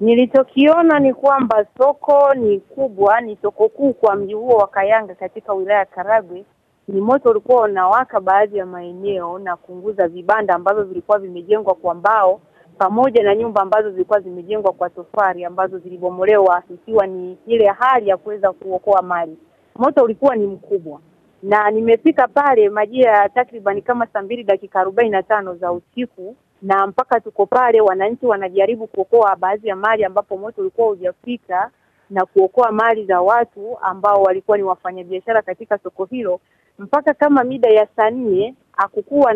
Nilichokiona ni kwamba soko ni kubwa, ni soko kuu kwa mji huo wa Kayanga katika wilaya ya Karagwe. Ni moto ulikuwa unawaka baadhi ya maeneo na kuunguza vibanda ambavyo vilikuwa vimejengwa kwa mbao pamoja na nyumba ambazo zilikuwa zimejengwa kwa tofari ambazo zilibomolewa, ikiwa ni ile hali ya kuweza kuokoa mali. Moto ulikuwa ni mkubwa na nimefika pale majira ya takribani kama saa mbili dakika arobaini na tano za usiku, na mpaka tuko pale, wananchi wanajaribu kuokoa baadhi ya mali ambapo moto ulikuwa hujafika na kuokoa mali za watu ambao walikuwa ni wafanyabiashara katika soko hilo. Mpaka kama mida ya saa nne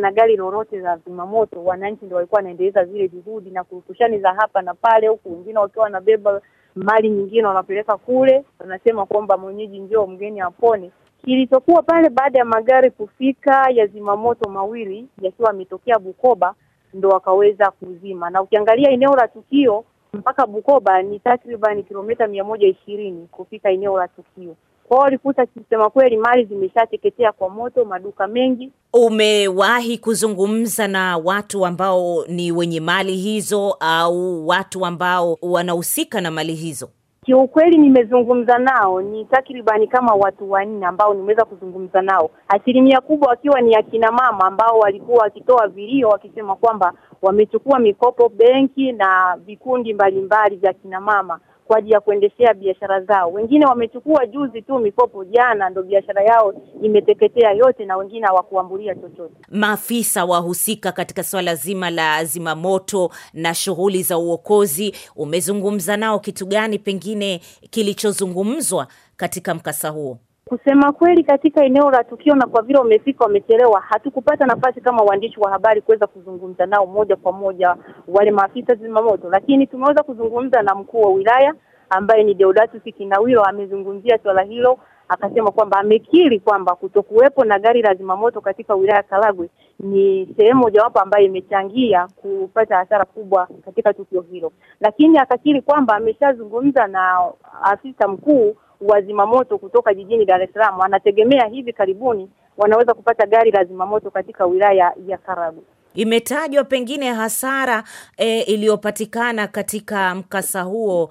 na gari lolote za zimamoto. Wananchi ndio walikuwa wanaendeleza zile juhudi na kurukushani za hapa na pale, huku wengine wakiwa wanabeba mali nyingine wanapeleka kule, wanasema kwamba mwenyeji njio mgeni apone kilichokuwa pale baada ya magari kufika ya zimamoto mawili yakiwa yametokea Bukoba ndo wakaweza kuzima, na ukiangalia eneo la tukio mpaka Bukoba ni takriban kilomita mia moja ishirini kufika eneo la tukio. Kwa hiyo walikuta kisema kweli mali zimeshateketea kwa moto, maduka mengi. Umewahi kuzungumza na watu ambao ni wenye mali hizo au watu ambao wanahusika na mali hizo? Kiukweli nimezungumza nao ni takribani kama watu wanne ambao nimeweza kuzungumza nao, asilimia kubwa wakiwa ni akina mama ambao walikuwa wakitoa vilio wakisema kwamba wamechukua mikopo benki na vikundi mbalimbali vya akina mama kwa ajili ya kuendeshea biashara zao. Wengine wamechukua juzi tu mikopo jana, ndo biashara yao imeteketea yote, na wengine hawakuambulia chochote. Maafisa wahusika katika swala zima la zimamoto na shughuli za uokozi, umezungumza nao kitu gani, pengine kilichozungumzwa katika mkasa huo? Kusema kweli, katika eneo la tukio na kwa vile wamefika wamechelewa, hatukupata nafasi kama waandishi wa habari kuweza kuzungumza nao moja kwa moja wale maafisa zimamoto, lakini tumeweza kuzungumza na mkuu wa wilaya ambaye ni Deodatus Kinawilo. Amezungumzia swala hilo, akasema kwamba amekiri kwamba kutokuwepo na gari la zimamoto katika wilaya Karagwe ni sehemu mojawapo ambayo imechangia kupata hasara kubwa katika tukio hilo, lakini akakiri kwamba ameshazungumza na afisa mkuu wazimamoto kutoka jijini Dar es Salaam anategemea hivi karibuni wanaweza kupata gari la zimamoto katika wilaya ya Karagwe. Imetajwa pengine hasara e, iliyopatikana katika mkasa huo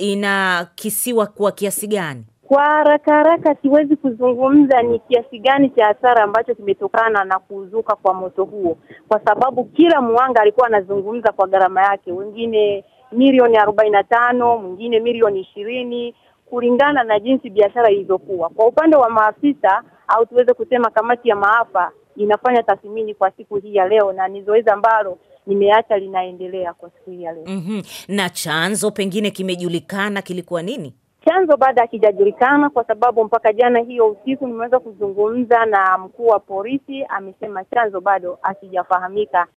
inakisiwa kwa kiasi gani? Kwa haraka haraka siwezi kuzungumza ni kiasi gani cha hasara ambacho kimetokana na kuzuka kwa moto huo, kwa sababu kila mwanga alikuwa anazungumza kwa gharama yake, wengine milioni arobaini na tano, mwingine milioni ishirini, kulingana na jinsi biashara ilivyokuwa. Kwa upande wa maafisa au tuweze kusema kamati ya maafa inafanya tathmini kwa siku hii ya leo, na ni zoezi ambalo nimeacha linaendelea kwa siku hii ya leo. mm -hmm. Na chanzo pengine kimejulikana, kilikuwa nini chanzo? Baada hakijajulikana, kwa sababu mpaka jana hiyo usiku nimeweza kuzungumza na mkuu wa polisi, amesema chanzo bado hakijafahamika.